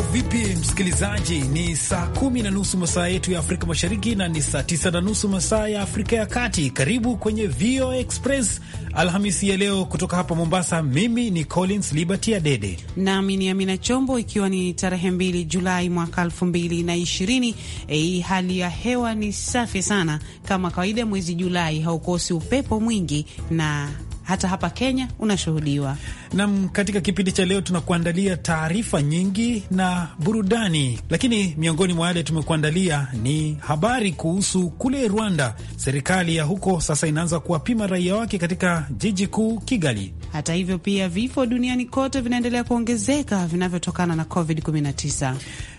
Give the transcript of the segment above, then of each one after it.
mambo vipi, msikilizaji? Ni saa kumi na nusu masaa yetu ya Afrika Mashariki na ni saa tisa na nusu masaa ya Afrika ya Kati. Karibu kwenye VO Express Alhamisi ya leo kutoka hapa Mombasa. Mimi ni Collins Liberty Adede nami ni Amina Chombo, ikiwa ni tarehe mbili Julai mwaka elfu mbili na ishirini. E, hali ya hewa ni safi sana kama kawaida. Mwezi Julai haukosi upepo mwingi na hata hapa Kenya unashuhudiwa. Nam, katika kipindi cha leo tunakuandalia taarifa nyingi na burudani, lakini miongoni mwa yale tumekuandalia ni habari kuhusu kule Rwanda. Serikali ya huko sasa inaanza kuwapima raia wake katika jiji kuu Kigali. Hata hivyo, pia vifo duniani kote vinaendelea kuongezeka vinavyotokana na COVID-19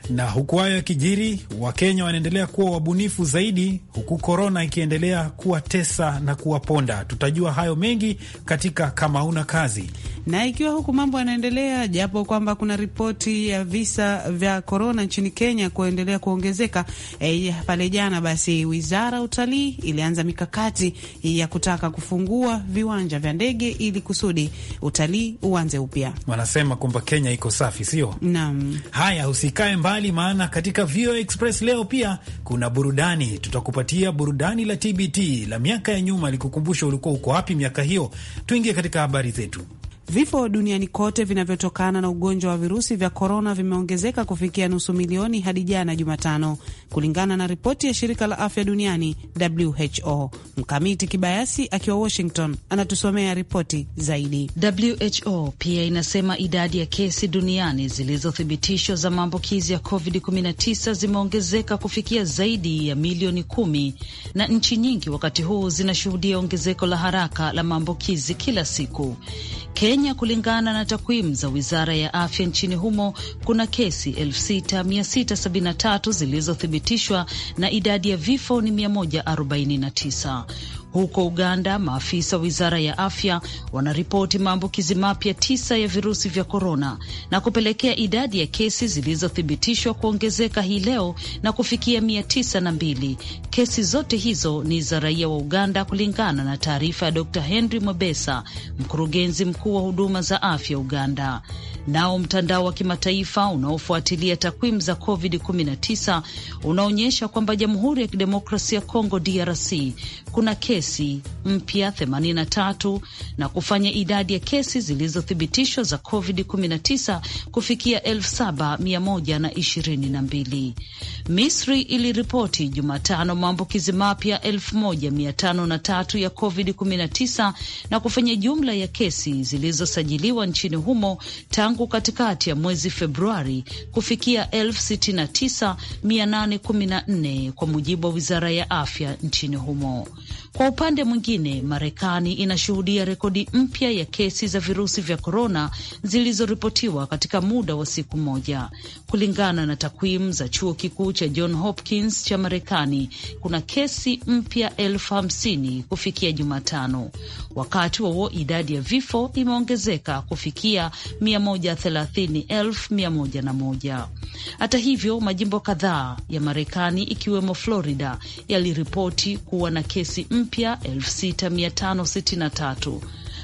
na huku hayo yakijiri, Wakenya wanaendelea kuwa wabunifu zaidi, huku korona ikiendelea kuwatesa na kuwaponda. Tutajua hayo mengi katika kama una kazi na ikiwa huku mambo yanaendelea, japo kwamba kuna ripoti ya visa vya korona nchini Kenya kuendelea kuongezeka. E, pale jana basi wizara ya utalii ilianza mikakati ya kutaka kufungua viwanja vya ndege ili kusudi utalii uanze upya. Wanasema kwamba Kenya iko safi, sio? Naam. Haya, usikae mbali, maana katika VOA Express leo pia kuna burudani. Tutakupatia burudani la TBT la miaka ya nyuma, likukumbusha ulikuwa uko wapi miaka hiyo, Tuingie katika habari zetu. Vifo duniani kote vinavyotokana na ugonjwa wa virusi vya korona vimeongezeka kufikia nusu milioni hadi jana Jumatano, kulingana na ripoti ya shirika la afya duniani WHO. Mkamiti Kibayasi akiwa Washington anatusomea ripoti zaidi. WHO pia inasema idadi ya kesi duniani zilizothibitishwa za maambukizi ya COVID-19 zimeongezeka kufikia zaidi ya milioni kumi, na nchi nyingi wakati huu zinashuhudia ongezeko la haraka la maambukizi kila siku. Kenya, kulingana na takwimu za wizara ya afya nchini humo, kuna kesi 6673 zilizothibitishwa na idadi ya vifo ni 149. Huko Uganda, maafisa wa wizara ya afya wanaripoti maambukizi mapya tisa ya virusi vya korona na kupelekea idadi ya kesi zilizothibitishwa kuongezeka hii leo na kufikia mia tisa na mbili. Kesi zote hizo ni za raia wa Uganda, kulingana na taarifa ya Dr Henry Mwebesa, mkurugenzi mkuu wa huduma za afya Uganda. Nao mtandao wa kimataifa unaofuatilia takwimu za COVID-19 unaonyesha kwamba Jamhuri ya Kidemokrasia ya Kongo, DRC, kuna kesi kesi mpya 83 na kufanya idadi ya kesi zilizothibitishwa za COVID-19 kufikia 7122. Misri iliripoti Jumatano maambukizi mapya 1503 ya COVID-19 na kufanya jumla ya kesi zilizosajiliwa nchini humo tangu katikati ya mwezi Februari kufikia 69814 kwa mujibu wa wizara ya afya nchini humo. Kwa upande mwingine, Marekani inashuhudia rekodi mpya ya kesi za virusi vya korona zilizoripotiwa katika muda wa siku moja. Kulingana na takwimu za chuo kikuu cha John Hopkins cha Marekani, kuna kesi mpya elfu hamsini kufikia Jumatano. Wakati wauo, idadi ya vifo imeongezeka kufikia 130,101. Hata hivyo, majimbo kadhaa ya Marekani ikiwemo Florida yaliripoti kuwa na kesi mpya mpya 6563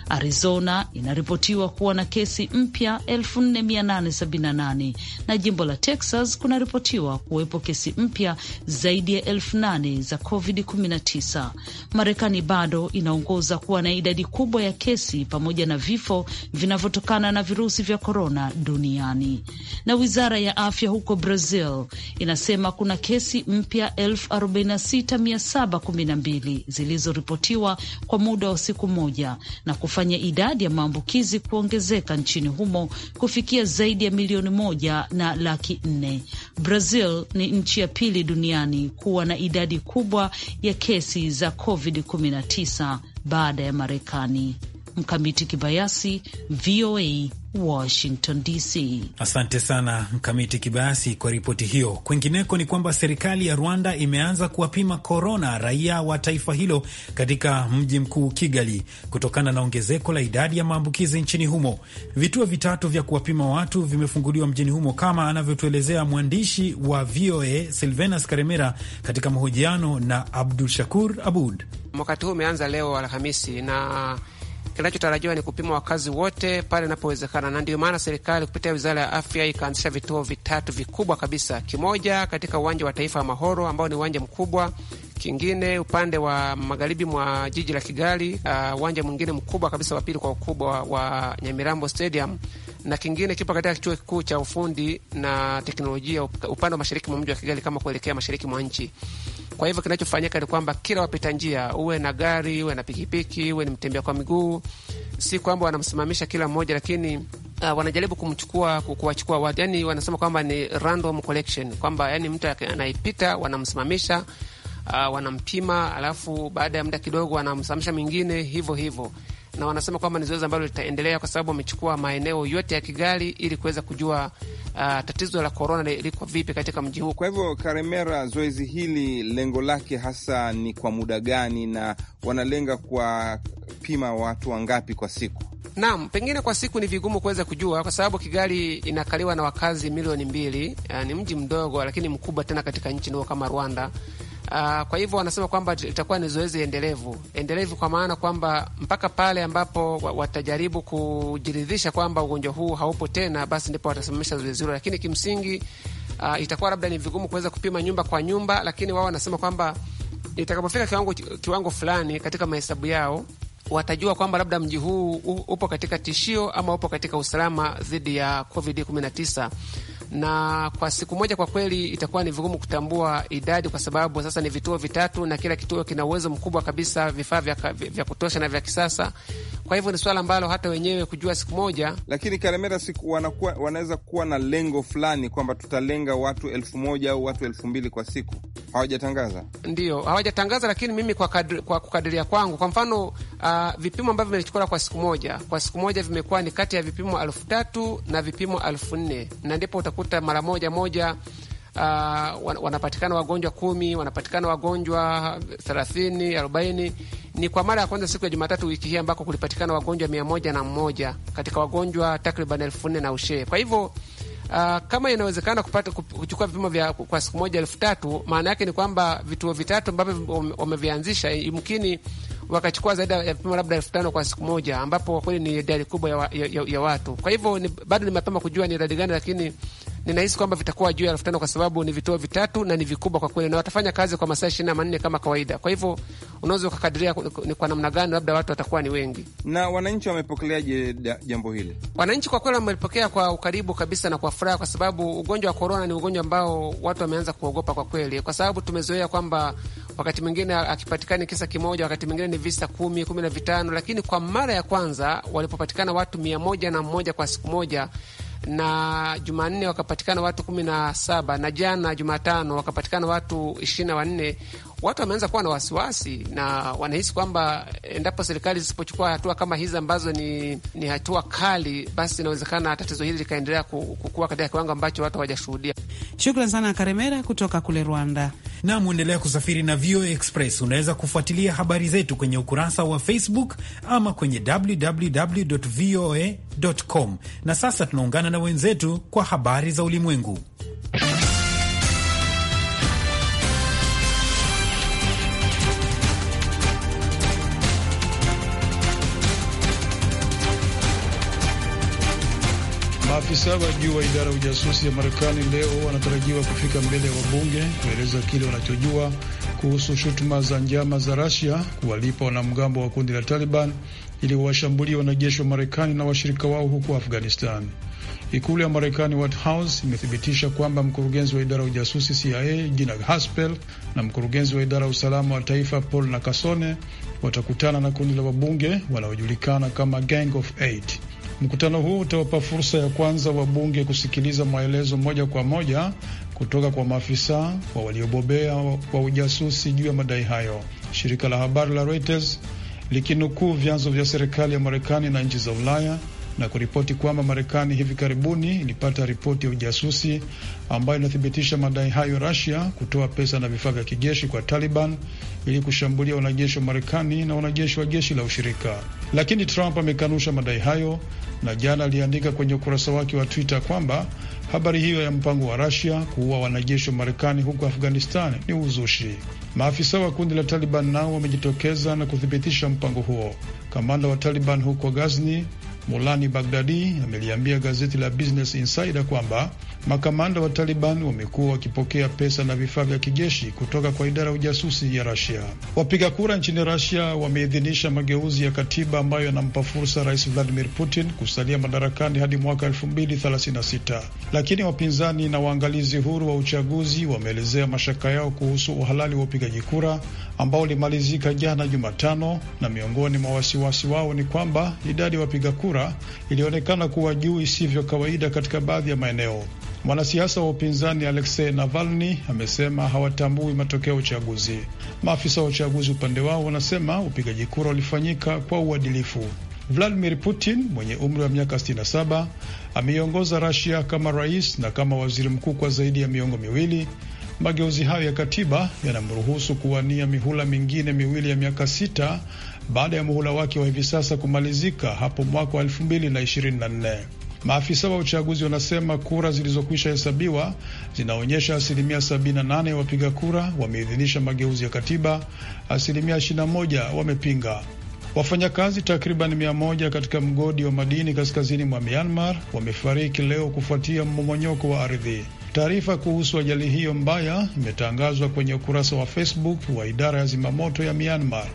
Arizona inaripotiwa kuwa na kesi mpya 4878 na jimbo la Texas kunaripotiwa kuwepo kesi mpya zaidi ya 8 za COVID-19. Marekani bado inaongoza kuwa na idadi kubwa ya kesi pamoja na vifo vinavyotokana na virusi vya korona duniani. Na wizara ya afya huko Brazil inasema kuna kesi mpya 46712 zilizoripotiwa kwa muda wa siku moja na kufanya idadi ya maambukizi kuongezeka nchini humo kufikia zaidi ya milioni moja na laki nne. Brazil ni nchi ya pili duniani kuwa na idadi kubwa ya kesi za COVID-19 baada ya Marekani. Mkamiti Kibayasi, VOA Washington DC. Asante sana Mkamiti Kibayasi kwa ripoti hiyo. Kwingineko ni kwamba serikali ya Rwanda imeanza kuwapima korona raia wa taifa hilo katika mji mkuu Kigali, kutokana na ongezeko la idadi ya maambukizi nchini humo. Vituo vitatu vya kuwapima watu vimefunguliwa mjini humo, kama anavyotuelezea mwandishi wa VOA Silvenas Karemera katika mahojiano na Abdul Shakur Abud. Wakati huu umeanza leo Alhamisi na Kinachotarajiwa ni kupima wakazi wote pale inapowezekana, na ndiyo maana serikali kupitia wizara ya afya ikaanzisha vituo vitatu vikubwa kabisa, kimoja katika uwanja wa taifa wa Mahoro ambao ni uwanja mkubwa kingine upande wa magharibi mwa jiji la Kigali, uh, uwanja uh, mwingine mkubwa kabisa wa pili kwa ukubwa wa Nyamirambo Stadium na kingine kipo katika chuo kikuu cha ufundi na teknolojia upande wa mashariki mwa mji wa Kigali, kama kuelekea mashariki mwa nchi. Kwa hivyo kinachofanyika ni kwamba kila wapita njia, uwe na gari, uwe na pikipiki, uwe ni mtembea kwa miguu, si kwamba wanamsimamisha kila mmoja, lakini uh, wanajaribu kumchukua, kuwachukua watu, yani wanasema kwamba ni random collection, kwamba yani mtu anayepita wanamsimamisha, uh, wanampima, alafu baada ya muda kidogo wanamsimamisha mwingine, hivyo hivyo na wanasema kwamba ni zoezi ambalo litaendelea kwa sababu wamechukua maeneo yote ya Kigali ili kuweza kujua uh, tatizo la korona liko vipi katika mji huu. Kwa hivyo, Karemera, zoezi hili lengo lake hasa ni kwa muda gani, na wanalenga kuwapima watu wangapi kwa siku? Naam, pengine kwa siku ni vigumu kuweza kujua kwa sababu Kigali inakaliwa na wakazi milioni mbili. Uh, ni mji mdogo lakini mkubwa tena katika nchi ndogo kama Rwanda. Uh, kwa hivyo wanasema kwamba itakuwa ni zoezi endelevu, endelevu kwa maana kwamba mpaka pale ambapo watajaribu kujiridhisha kwamba ugonjwa huu haupo tena, basi ndipo watasimamisha zoezi hilo, lakini kimsingi uh, itakuwa labda ni vigumu kuweza kupima nyumba kwa nyumba, lakini wao wanasema kwamba itakapofika kiwango, kiwango fulani katika mahesabu yao watajua kwamba labda mji huu upo katika tishio ama upo katika usalama dhidi ya COVID-19 na kwa siku moja kwa kweli itakuwa ni vigumu kutambua idadi, kwa sababu sasa ni vituo vitatu na kila kituo kina uwezo mkubwa kabisa, vifaa vya, vya kutosha na vya kisasa. Kwa hivyo ni swala ambalo hata wenyewe kujua siku moja, lakini Karemera siku wanakuwa, wanaweza kuwa na lengo fulani kwamba tutalenga watu elfu moja au watu elfu mbili kwa siku. Hawajatangaza, ndio hawajatangaza, lakini mimi kwa, kadri, kwa kukadiria kwangu, kwa mfano uh, vipimo ambavyo vimechukula kwa siku moja kwa siku moja vimekuwa ni kati ya vipimo elfu tatu na vipimo elfu nne na ndipo utakuta mara moja moja Uh, wanapatikana wagonjwa kumi, wanapatikana wagonjwa thelathini, arobaini. Ni kwa mara ya kwanza siku ya Jumatatu wiki hii ambako kulipatikana wagonjwa mia moja na mmoja katika wagonjwa takriban elfu nne na ushee. Kwa hivyo uh, kama inawezekana kupata kuchukua vipimo vya kwa siku moja elfu tatu maana yake ni kwamba vituo vitatu ambavyo wamevianzisha imkini wakachukua zaidi ya vipimo labda elfu tano kwa siku moja, ambapo kweli ni idadi kubwa ya, ya, ya, ya watu. Kwa hivyo ni, bado ni mapema kujua ni idadi gani, lakini ninahisi kwamba vitakuwa juu ya elfu tano kwa sababu ni vituo vitatu na ni vikubwa kwa kweli, na watafanya kazi kwa masaa ishirini na manne kama kawaida. Kwa hivyo unaweza ukakadiria ni kwa namna gani labda watu watakuwa ni wengi. Na wananchi wamepokeleaje jambo hili? Wananchi kwa kweli wamepokea kwa ukaribu kabisa na kwa furaha, kwa sababu ugonjwa wa korona ni ugonjwa ambao watu wameanza kuogopa kwa kweli, kwa sababu tumezoea kwamba wakati mwingine akipatikani kisa kimoja, wakati mwingine ni visa kumi, kumi na vitano, lakini kwa mara ya kwanza walipopatikana watu mia moja na mmoja kwa siku moja na Jumanne wakapatikana watu kumi na saba na jana Jumatano wakapatikana watu ishirini na wanne. Watu wameanza kuwa na wasiwasi na wanahisi kwamba endapo serikali zisipochukua hatua kama hizi ambazo ni, ni hatua kali, basi inawezekana tatizo hili likaendelea kukua katika kiwango ambacho watu hawajashuhudia. Shukran sana Karemera kutoka kule Rwanda na mwendelea kusafiri na VOA Express. Unaweza kufuatilia habari zetu kwenye ukurasa wa Facebook ama kwenye www voa com. Na sasa tunaungana na wenzetu kwa habari za ulimwengu. Maafisa wa juu wa idara ya ujasusi ya Marekani leo wanatarajiwa kufika mbele ya wabunge kueleza kile wanachojua kuhusu shutuma za njama za Rasia kuwalipa wanamgambo wa kundi la Taliban ili washambulie wanajeshi wa Marekani na washirika wao huko Afghanistan. Ikulu ya Marekani, White House, imethibitisha kwamba mkurugenzi wa idara ya ujasusi CIA Gina Haspel na mkurugenzi wa idara ya usalama wa taifa Paul Nakasone watakutana na kundi la wabunge wanaojulikana kama Gang of Eight. Mkutano huu utawapa fursa ya kwanza wabunge kusikiliza maelezo moja kwa moja kutoka kwa maafisa wa waliobobea wa ujasusi juu ya madai hayo. Shirika la habari la Reuters likinukuu vyanzo vya serikali ya Marekani na nchi za Ulaya na kuripoti kwamba Marekani hivi karibuni ilipata ripoti ya ujasusi ambayo inathibitisha madai hayo, Rasia kutoa pesa na vifaa vya kijeshi kwa Taliban ili kushambulia wanajeshi wa Marekani na wanajeshi wa jeshi la ushirika. Lakini Trump amekanusha madai hayo, na jana aliandika kwenye ukurasa wake wa Twitter kwamba habari hiyo ya mpango wa Rasia kuua wanajeshi wa Marekani huko Afghanistan ni uzushi. Maafisa wa kundi la Taliban nao wamejitokeza na kuthibitisha mpango huo. Kamanda wa Taliban huko Ghazni Mulani Bagdadi ameliambia gazeti la Business Insider kwamba makamanda wa Taliban wamekuwa wakipokea pesa na vifaa vya kijeshi kutoka kwa idara ya ujasusi ya Rasia. Wapiga kura nchini Rasia wameidhinisha mageuzi ya katiba ambayo yanampa fursa Rais Vladimir Putin kusalia madarakani hadi mwaka 2036 lakini wapinzani na waangalizi huru wa uchaguzi wameelezea mashaka yao kuhusu uhalali wa upigaji kura ambao ulimalizika jana Jumatano, na miongoni mwa wasiwasi wao ni kwamba idadi ya wapiga kura kura ilionekana kuwa juu isivyo kawaida katika baadhi ya maeneo. Mwanasiasa wa upinzani Aleksei Navalny amesema hawatambui matokeo ya uchaguzi. Maafisa wa uchaguzi upande wao wanasema upigaji kura ulifanyika kwa uadilifu. Vladimir Putin mwenye umri wa miaka 67 ameiongoza Rasia kama rais na kama waziri mkuu kwa zaidi ya miongo miwili. Mageuzi hayo ya katiba yanamruhusu kuwania mihula mingine miwili ya miaka sita baada ya muhula wake wa hivi sasa kumalizika hapo mwaka wa 2024. Maafisa wa uchaguzi wanasema kura zilizokwisha hesabiwa zinaonyesha asilimia 78 ya wapiga kura wameidhinisha mageuzi ya katiba, asilimia 21 wamepinga. Wafanyakazi takriban 100 katika mgodi wa madini kaskazini mwa Myanmar wamefariki leo kufuatia mmomonyoko wa ardhi. Taarifa kuhusu ajali hiyo mbaya imetangazwa kwenye ukurasa wa Facebook wa idara ya zimamoto ya Myanmar.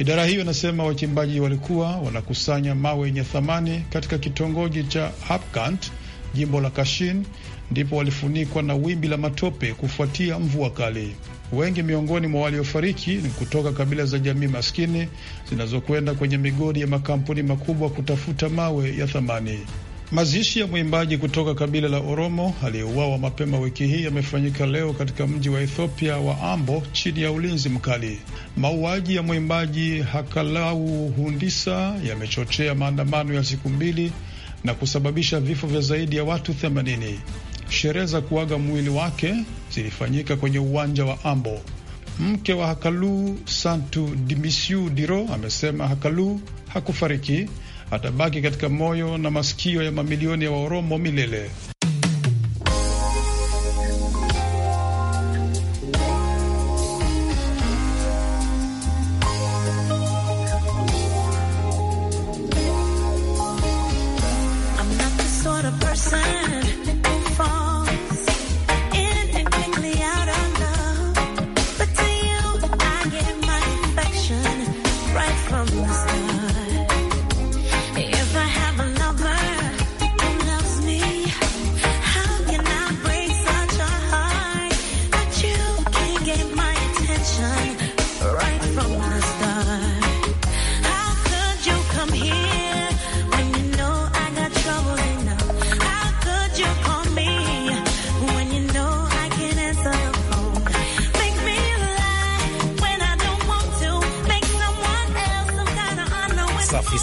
Idara hiyo inasema wachimbaji walikuwa wanakusanya mawe yenye thamani katika kitongoji cha Hapkant, jimbo la Kashin, ndipo walifunikwa na wimbi la matope kufuatia mvua kali. Wengi miongoni mwa waliofariki ni kutoka kabila za jamii maskini zinazokwenda kwenye migodi ya makampuni makubwa kutafuta mawe ya thamani. Mazishi ya mwimbaji kutoka kabila la Oromo aliyeuawa mapema wiki hii yamefanyika leo katika mji wa Ethiopia wa Ambo chini ya ulinzi mkali. Mauaji ya mwimbaji Hakalau Hundisa yamechochea maandamano ya siku mbili na kusababisha vifo vya zaidi ya watu 80. Sherehe za kuaga mwili wake zilifanyika kwenye uwanja wa Ambo. Mke wa Hakalu Santu Dimisiu Diro amesema Hakalu hakufariki atabaki katika moyo na masikio ya mamilioni ya Waoromo milele.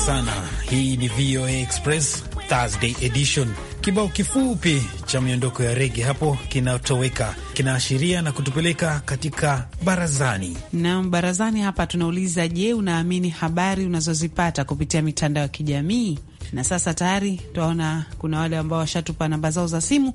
sana. Hii ni VOA Express Thursday edition. Kibao kifupi cha miondoko ya rege hapo kinatoweka, kinaashiria na kutupeleka katika barazani. Naam, barazani hapa tunauliza, je, unaamini habari unazozipata kupitia mitandao ya kijamii? Na sasa tayari tunaona kuna wale ambao washatupa namba zao za simu,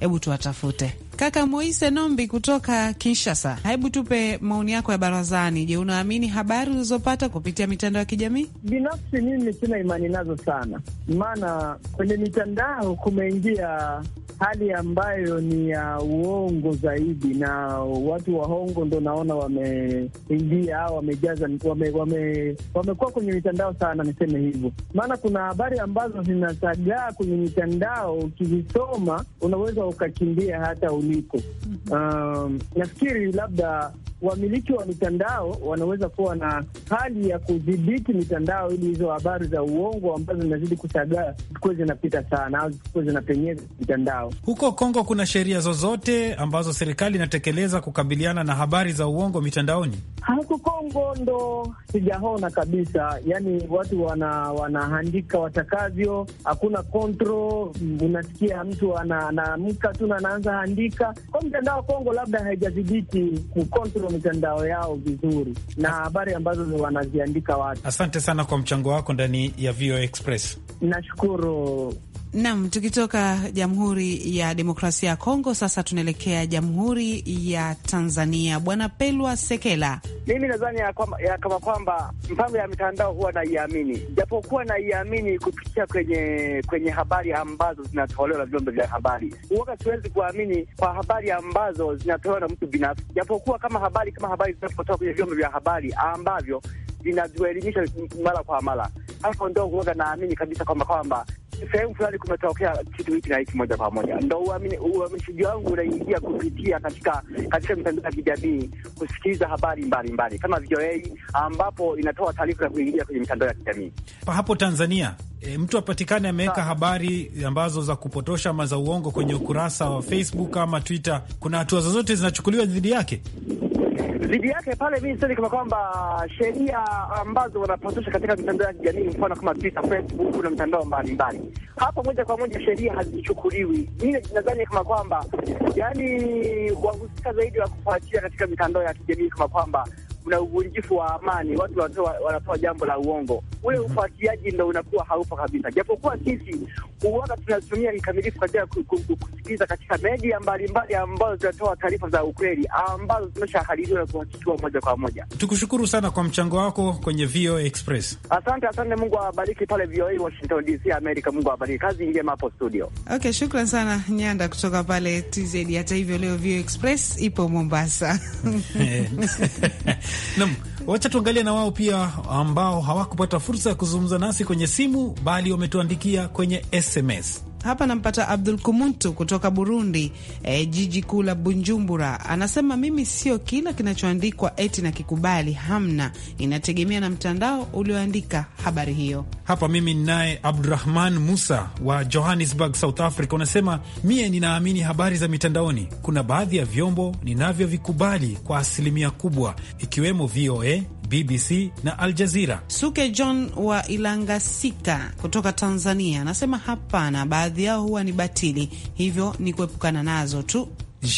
hebu tuwatafute. Kaka Moise Nombi kutoka Kinshasa, hebu tupe maoni yako ya barazani. Je, unaamini habari ulizopata kupitia mitandao ya kijamii? Binafsi mimi sina imani nazo sana, maana kwenye mitandao kumeingia hali ambayo ni ya uongo zaidi, na watu waongo ndo naona wameingia au wamejaza wame, wame, wamekuwa kwenye mitandao sana, niseme hivyo, maana kuna habari ambazo zinasagaa kwenye mitandao, ukizisoma unaweza ukakimbia hata uli mabadiliko. Mhm. Um, nafikiri labda wamiliki wa mitandao wanaweza kuwa na hali ya kudhibiti mitandao ili hizo habari za uongo ambazo zinazidi kusagaa zikuwe zinapita sana au zikuwe zinapenyeza mitandao. Huko Kongo kuna sheria zozote ambazo serikali inatekeleza kukabiliana na habari za uongo mitandaoni? Huko Kongo ndo sijaona kabisa, yaani watu wana wanahandika watakavyo, hakuna kontrol. Unasikia mtu anaamka tu na anaanza handika kwa wa Kongo labda haijadhibiti kukontrol mitandao yao vizuri na habari ambazo wanaziandika watu. Asante sana kwa mchango wako ndani ya VOA Express. Nashukuru. Nam, tukitoka Jamhuri ya Demokrasia ya Kongo sasa tunaelekea Jamhuri ya Tanzania. Bwana Pelwa Sekela mimi nadhani ya kama kwamba mpango ya mitandao huwa naiamini, japokuwa naiamini kupitia kwenye kwenye habari ambazo zinatolewa na vyombo vya habari. Huwa siwezi kuamini kwa habari ambazo zinatolewa na mtu binafsi, japokuwa kama habari kama habari zinapotoka kwenye vyombo vya habari ambavyo vinatuelimisha mara kwa mara, hapo ndo huwaga naamini kabisa kwamba kwamba sehemu fulani kumetokea kitu hiki na hiki moja kwa moja, ndo uhamishiji wangu unaingia kupitia katika katika mitandao ya kijamii kusikiliza habari mbalimbali kama VOA ambapo inatoa taarifa ya kuingia kwenye mitandao ya kijamii hapo Tanzania. E, mtu apatikane ameweka habari ambazo za kupotosha ama za uongo kwenye ukurasa wa Facebook ama Twitter, kuna hatua zozote zinachukuliwa dhidi yake? dhidi yake pale, mimi sioni kama kwamba sheria ambazo wanapotosha katika mitandao ya kijamii, mfano kama Twitter, Facebook na mitandao mbalimbali, hapo moja kwa moja sheria hazichukuliwi. Mimi nadhani kama kwamba yani wahusika zaidi wa kufuatia katika mitandao ya kijamii kama kwamba kuna uvunjifu wa amani, watu wanatoa jambo la uongo, ule mhm. ufuatiliaji ndo unakuwa haupo kabisa, japokuwa sisi uoga tunatumia kikamilifu katika kusikiliza katika media mbalimbali ambazo zinatoa taarifa za ukweli ambazo zimeshahaririwa na kuhakikiwa moja kwa moja. Tukushukuru sana kwa mchango wako kwenye VOA Express. Asante, asante. Mungu awabariki pale VOA Washington DC, Amerika. Mungu awabariki, kazi njema hapo studio. Okay, shukran sana Nyanda kutoka pale TZ. Hata hivyo leo VOA Express ipo Mombasa. Eh. Naam. Wacha tuangalie na wao pia ambao hawakupata fursa ya kuzungumza nasi kwenye simu, bali wametuandikia kwenye SMS. Hapa nampata Abdul Kumuntu kutoka Burundi, e, jiji kuu la bunjumbura Anasema mimi sio kila kinachoandikwa eti na kikubali, hamna, inategemea na mtandao ulioandika habari hiyo. Hapa mimi ninaye Abdurahman Musa wa Johannesburg, South Africa, unasema mie ninaamini habari za mitandaoni. Kuna baadhi ya vyombo ninavyovikubali kwa asilimia kubwa, ikiwemo VOA BBC na Al Jazeera. Suke John wa Ilangasika kutoka Tanzania anasema hapana, baadhi yao huwa ni batili, hivyo ni kuepukana nazo tu.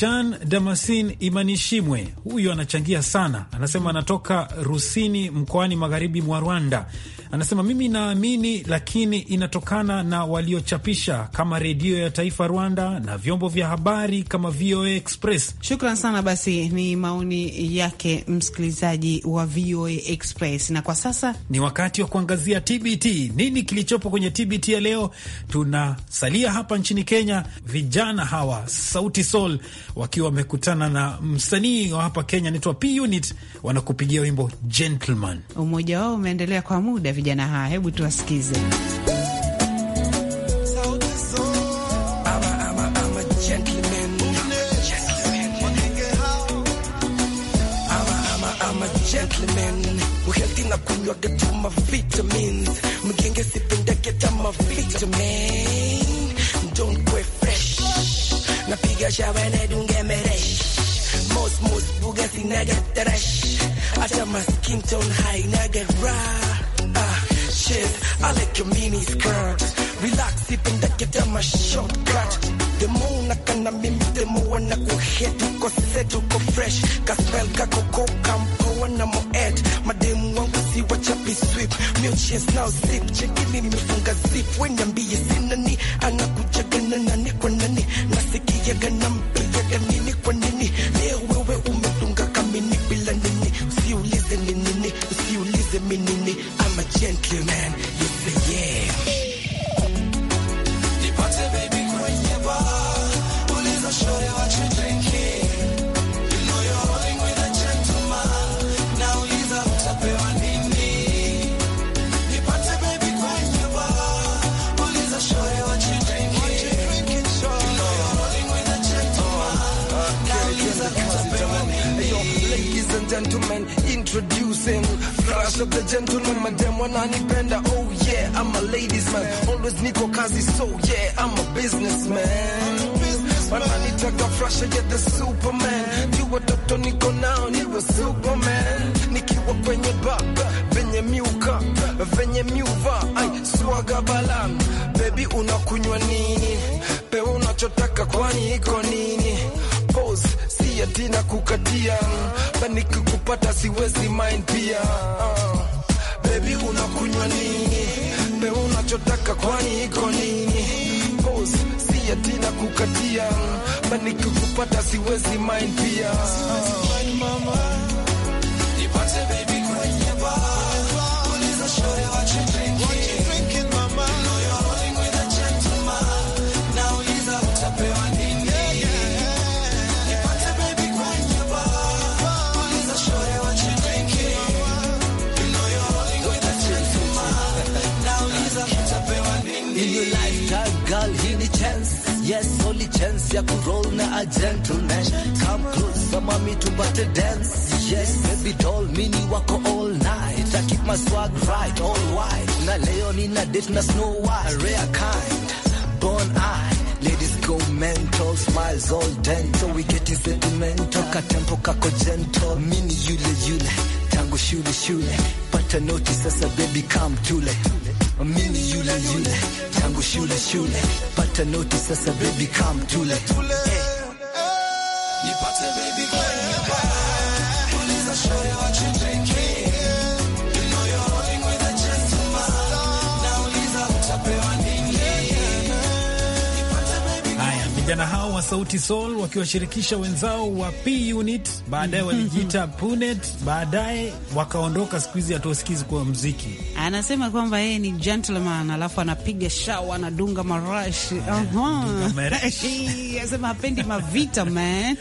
Jean Damasin Imanishimwe huyu anachangia sana, anasema anatoka Rusini mkoani magharibi mwa Rwanda anasema mimi naamini, lakini inatokana na waliochapisha kama redio ya taifa Rwanda na vyombo vya habari kama VOA Express. Shukran sana. Basi ni maoni yake msikilizaji wa VOA Express, na kwa sasa ni wakati wa kuangazia TBT. Nini kilichopo kwenye TBT ya leo? Tunasalia hapa nchini Kenya, vijana hawa Sauti Sol wakiwa wamekutana na msanii wa hapa Kenya anaitwa P Unit, wanakupigia wimbo Gentleman. Umoja wao umeendelea kwa muda vijana hawa, hebu tuwasikize. Most most bugasi naga trash, hata maskin tone high naga raw shit. I like your mini skirt. Relax ipenda kita ma shortcut. Demo unakana mimi demo wana kuhit. Uko set uko fresh. Kaspel kako koka mpoa na moed. Mademu wangu si wachapi sweep. Mio cheers now sip. Cheki mimi mifunga zip. We niambie sina ni. Anakujaga na nani kwa nani. Nasikiaga na mpiaga nini kwa nini. Leo businessman wananitaka fresh ya the superman juu watoto niko nao niwe superman nikiwa kwenye baba venye miuka venye miuva ai swaga balam bebi unakunywa nini pewe unachotaka kwani iko nini pose si ati na kukatia paniki kupata siwezi mind pia uh, bebi unakunywa nini pewe unachotaka kwani iko nini close, si atina kukatia, manikikupata siwezi mind pia chance ya kuroll na a gentleman. Come close, mami tupate dance. Yes, baby doll, mini wako all night. I keep my swag right, all white. Na leo nina date na Snow White. Rare kind, born eye. Ladies go mental, smiles all dental. We getting sentimental. Ka tempo kako gentle. Mini yule yule, tangu shule shule. Pata notice sasa baby come too late mimi yule yule tangu shule shule, pata noti sasa baby, come tule tule, nipate baby Vijana hao wa Sauti Sol wakiwashirikisha wenzao wa P Unit, baadaye walijiita Punet, baadaye wakaondoka. Siku hizi hatuwasikizi kwa mziki. Anasema kwamba yeye ni gentleman, alafu anapiga shawa, anadunga marashi, eh, anasema hapendi mavita man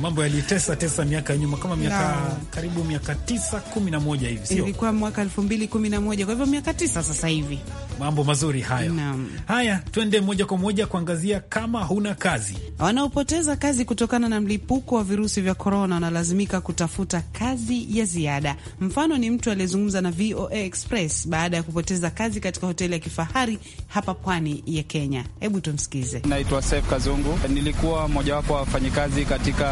mambo yalitesa tesa miaka ya nyuma, kama miaka karibu miaka tisa kumi na moja hivi, sio ilikuwa mwaka elfu mbili kumi na moja kwa hivyo miaka tisa sasa hivi Mambo mazuri hayo. Naam. Haya, twende moja kwa moja kuangazia kama huna kazi. Wanaopoteza kazi kutokana na mlipuko wa virusi vya korona wanalazimika kutafuta kazi ya ziada. Mfano ni mtu aliyezungumza na VOA Express baada ya kupoteza kazi katika hoteli ya kifahari hapa pwani ya Kenya. Hebu tumsikize. Naitwa Sef Kazungu, nilikuwa mojawapo wa wafanyikazi katika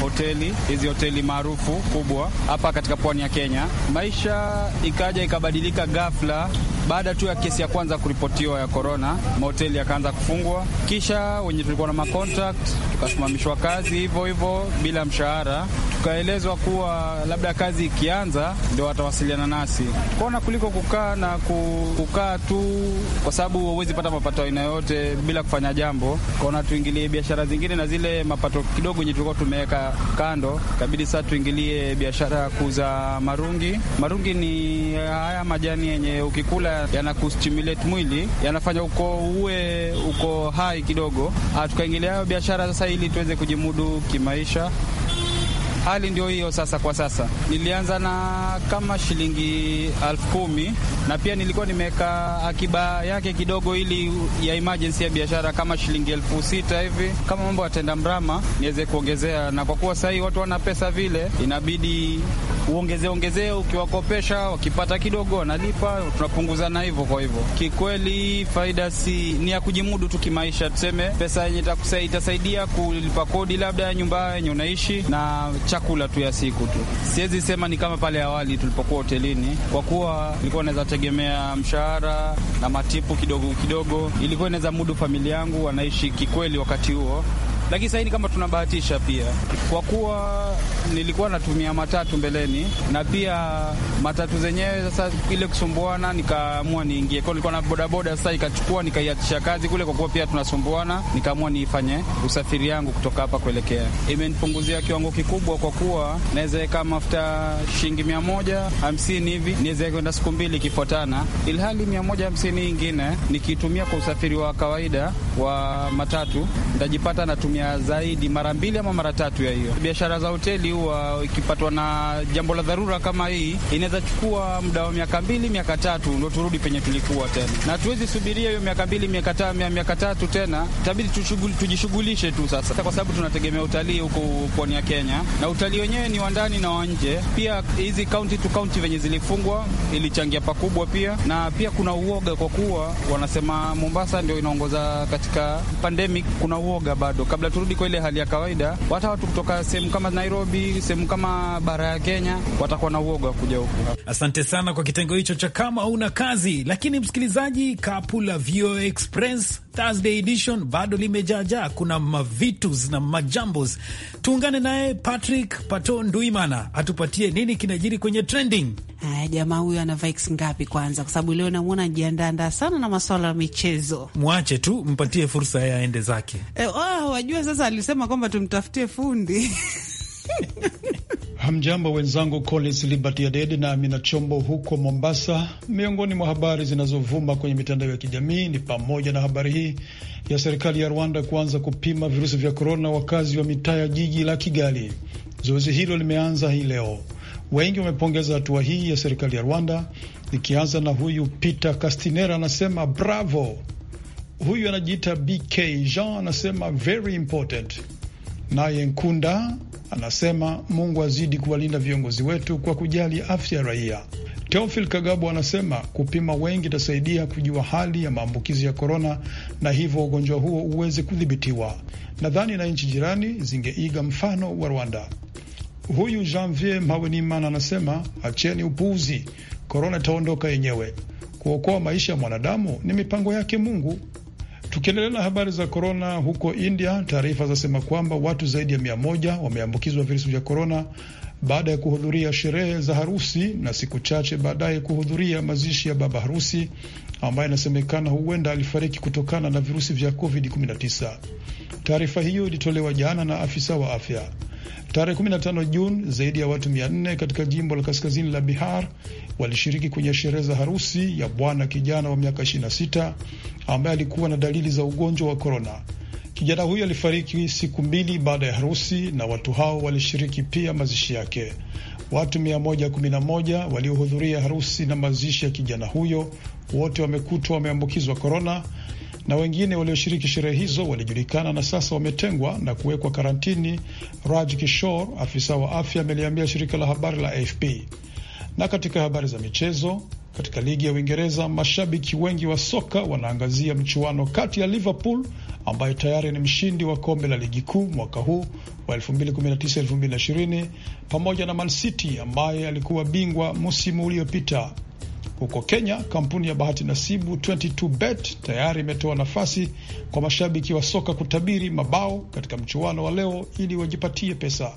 hoteli hizi, hoteli maarufu kubwa hapa katika pwani ya Kenya. Maisha ikaja ikabadilika ghafla baada tu ya kesi ya kwanza kuripotiwa ya korona, mahoteli yakaanza kufungwa, kisha wenye tulikuwa na makontrakt tukasimamishwa kazi hivyo hivyo bila mshahara. Tukaelezwa kuwa labda kazi ikianza ndio watawasiliana nasi, tukaona kuliko kukaa na kukaa tu, kwa sababu huwezi pata mapato aina yote bila kufanya jambo. Kaona tuingilie biashara zingine na zile mapato kidogo yenye tulikuwa tumeweka kando, kabidi sasa tuingilie biashara ya kuuza marungi. Marungi ni eh, haya majani yenye ukikula yanakustimulate mwili, yanafanya uko uwe uko hai kidogo. Ah, tukaingilia hayo biashara sasa, ili tuweze kujimudu kimaisha. Hali ndio hiyo sasa. Kwa sasa nilianza na kama shilingi elfu kumi na pia nilikuwa nimeweka akiba yake kidogo, ili ya emergency ya biashara kama shilingi elfu sita hivi, kama mambo yatenda mrama niweze kuongezea. Na kwa kuwa sahii watu wana pesa vile, inabidi uongezeongezee, ukiwakopesha wakipata kidogo wanalipa, tunapunguzana hivyo. Kwa hivyo kikweli faida si ni ya kujimudu tu kimaisha, tuseme pesa yenye itasaidia kulipa kodi labda ya nyumba yenye unaishi na chakula tu ya siku tu. Siwezi sema ni kama pale awali tulipokuwa hotelini, kwa kuwa ilikuwa naweza tegemea mshahara na matipu kidogo kidogo, ilikuwa inaweza mudu familia yangu wanaishi kikweli wakati huo lakini sahii kama tunabahatisha pia, kwa kuwa nilikuwa natumia matatu mbeleni, na pia matatu zenyewe sasa ile kusumbuana, nikaamua niingie kwa, nilikuwa na bodaboda sasa ikachukua nikaiachisha kazi kule, kwa kuwa pia tunasumbuana, nikaamua niifanye usafiri yangu kutoka hapa kuelekea. Imenipunguzia kiwango kikubwa, kwa kuwa nawezaweka mafuta shilingi mia moja hamsini hivi niweze kwenda siku mbili ikifuatana, ilhali mia moja hamsini ingine nikitumia kwa usafiri wa kawaida wa matatu ntajipata natumia kufanya zaidi mara mbili ama mara tatu ya hiyo. Biashara za hoteli huwa ikipatwa na jambo la dharura kama hii, inaweza chukua muda wa miaka mbili miaka tatu ndo turudi penye tulikuwa tena, na tuwezi subiria hiyo miaka mbili miaka tatu, miaka tatu tena, itabidi tujishughulishe tu sasa, kwa sababu tunategemea utalii huko pwani ya Kenya, na utalii wenyewe ni wa ndani na wa nje pia. Hizi kaunti tu kaunti venye zilifungwa ilichangia pakubwa pia, na pia kuna uoga kwa kuwa wanasema Mombasa ndio inaongoza katika pandemic, kuna uoga bado kabla turudi kwa ile hali ya kawaida. Hata watu kutoka sehemu kama Nairobi, sehemu kama bara ya Kenya watakuwa na uoga wa kuja huku. Asante sana kwa kitengo hicho cha kama una kazi. Lakini msikilizaji, kapu la VOA Express Thursday edition bado limejaajaa, kuna mavitus na majambos. Tuungane naye Patrick Pato Nduimana atupatie nini kinajiri kwenye trending. Haya, jamaa huyo ana vibes ngapi kwanza? Kwa sababu leo namwona anajiandaandaa sana na maswala ya michezo. Mwache tu, mpatie fursa yeye aende zake. E, oh, wajua sasa alisema kwamba tumtafutie fundi Hamjambo wenzangu, Collins Liberty Adede na Amina Chombo huko Mombasa. Miongoni mwa habari zinazovuma kwenye mitandao ya kijamii ni pamoja na habari hii ya serikali ya Rwanda kuanza kupima virusi vya korona wakazi wa mitaa ya jiji la Kigali. Zoezi hilo limeanza hii leo. Wengi wamepongeza hatua hii ya serikali ya Rwanda, ikianza na huyu Peter Castinera anasema bravo. Huyu anajiita BK Jean anasema very important. Naye Nkunda anasema Mungu azidi kuwalinda viongozi wetu kwa kujali afya ya raia. Teofil Kagabo anasema kupima wengi itasaidia kujua hali ya maambukizi ya korona na hivyo ugonjwa huo uweze kudhibitiwa. Nadhani na nchi jirani zingeiga mfano wa Rwanda. Huyu Janvier Mawenimana anasema acheni upuuzi, korona itaondoka yenyewe. Kuokoa maisha ya mwanadamu ni mipango yake Mungu. Tukiendelea na habari za korona, huko India taarifa zinasema kwamba watu zaidi ya mia moja wameambukizwa virusi vya korona baada ya kuhudhuria sherehe za harusi na siku chache baadaye kuhudhuria mazishi ya baba harusi ambaye inasemekana huenda alifariki kutokana na virusi vya COVID-19. Taarifa hiyo ilitolewa jana na afisa wa afya. Tarehe 15 Juni, zaidi ya watu 400 katika jimbo la kaskazini la Bihar walishiriki kwenye sherehe za harusi ya bwana kijana wa miaka 26 ambaye alikuwa na dalili za ugonjwa wa korona. Kijana huyo alifariki siku mbili baada ya harusi na watu hao walishiriki pia mazishi yake. Watu 111 waliohudhuria harusi na mazishi ya kijana huyo wote wamekutwa wameambukizwa korona na wengine walioshiriki sherehe hizo walijulikana na sasa wametengwa na kuwekwa karantini. Raj Kishore, afisa wa afya, ameliambia shirika la habari la AFP. Na katika habari za michezo, katika ligi ya Uingereza, mashabiki wengi wa soka wanaangazia mchuano kati ya Liverpool ambaye tayari ni mshindi wa kombe la ligi kuu mwaka huu wa 2019-2020 pamoja na Man City ambaye alikuwa bingwa msimu uliopita. Huko Kenya, kampuni ya bahati nasibu 22bet tayari imetoa nafasi kwa mashabiki wa soka kutabiri mabao katika mchuano wa leo ili wajipatie pesa.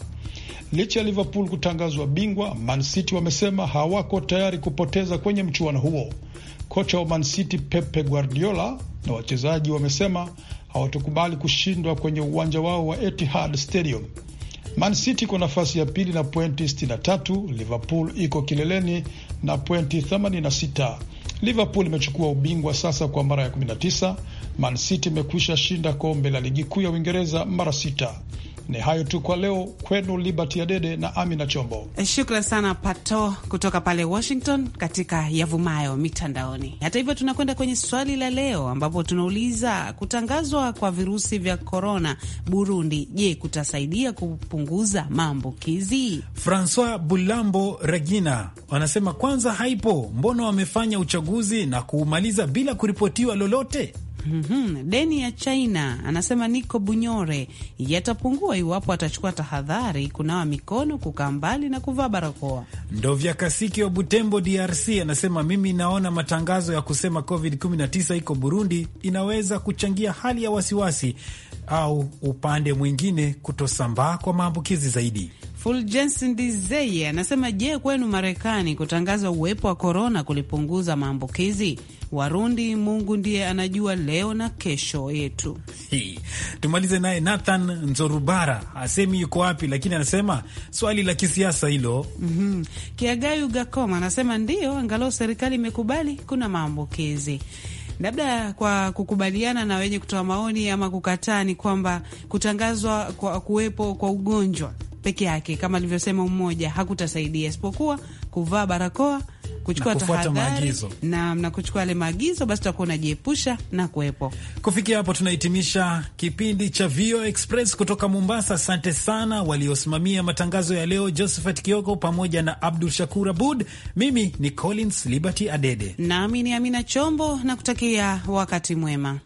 Licha ya Liverpool kutangazwa bingwa, Man City wamesema hawako tayari kupoteza kwenye mchuano huo. Kocha wa Man City Pepe Guardiola na wachezaji wamesema hawatokubali kushindwa kwenye uwanja wao wa Etihad Stadium. Man City kwa nafasi ya pili na pointi 63. Liverpool iko kileleni na pointi 86. Liverpool imechukua ubingwa sasa kwa mara ya 19. Man City imekwisha shinda kombe la ligi kuu ya Uingereza mara sita. Ni hayo tu kwa leo. Kwenu Liberty Adede na Amina Chombo. Shukran sana Pato kutoka pale Washington katika yavumayo mitandaoni. Hata hivyo, tunakwenda kwenye swali la leo ambapo tunauliza kutangazwa kwa virusi vya korona Burundi, je, kutasaidia kupunguza maambukizi? Francois Bulambo Regina wanasema kwanza, haipo, mbona wamefanya uchaguzi na kuumaliza bila kuripotiwa lolote? Mm -hmm. Deni ya China anasema Niko Bunyore yatapungua iwapo atachukua tahadhari kunawa mikono, kukaa mbali na kuvaa barakoa. Ndovya Kasiki wa Butembo, DRC anasema mimi naona matangazo ya kusema COVID-19 iko Burundi inaweza kuchangia hali ya wasiwasi au upande mwingine kutosambaa kwa maambukizi zaidi. Fulgensi Dizeye anasema je, kwenu Marekani kutangazwa uwepo wa korona kulipunguza maambukizi? Warundi, Mungu ndiye anajua leo na kesho yetu. Tumalize naye Nathan Nzorubara, asemi yuko wapi, lakini anasema swali la kisiasa hilo. mm -hmm. Kiagayu Gakoma anasema ndiyo, angalau serikali imekubali kuna maambukizi labda kwa kukubaliana na wenye kutoa maoni ama kukataa, ni kwamba kutangazwa kwa kuwepo kwa ugonjwa peke yake kama alivyosema mmoja hakutasaidia isipokuwa kuvaa barakoa kuchukua tahadhari na, na kuchukua yale maagizo, basi utakuwa unajiepusha na kuwepo. Kufikia hapo, tunahitimisha kipindi cha VO Express kutoka Mombasa. Asante sana waliosimamia matangazo ya leo, Josephat Kioko pamoja na Abdul Shakur Abud. Mimi ni Collins Liberty Adede nami ni Amina Chombo na kutakia wakati mwema.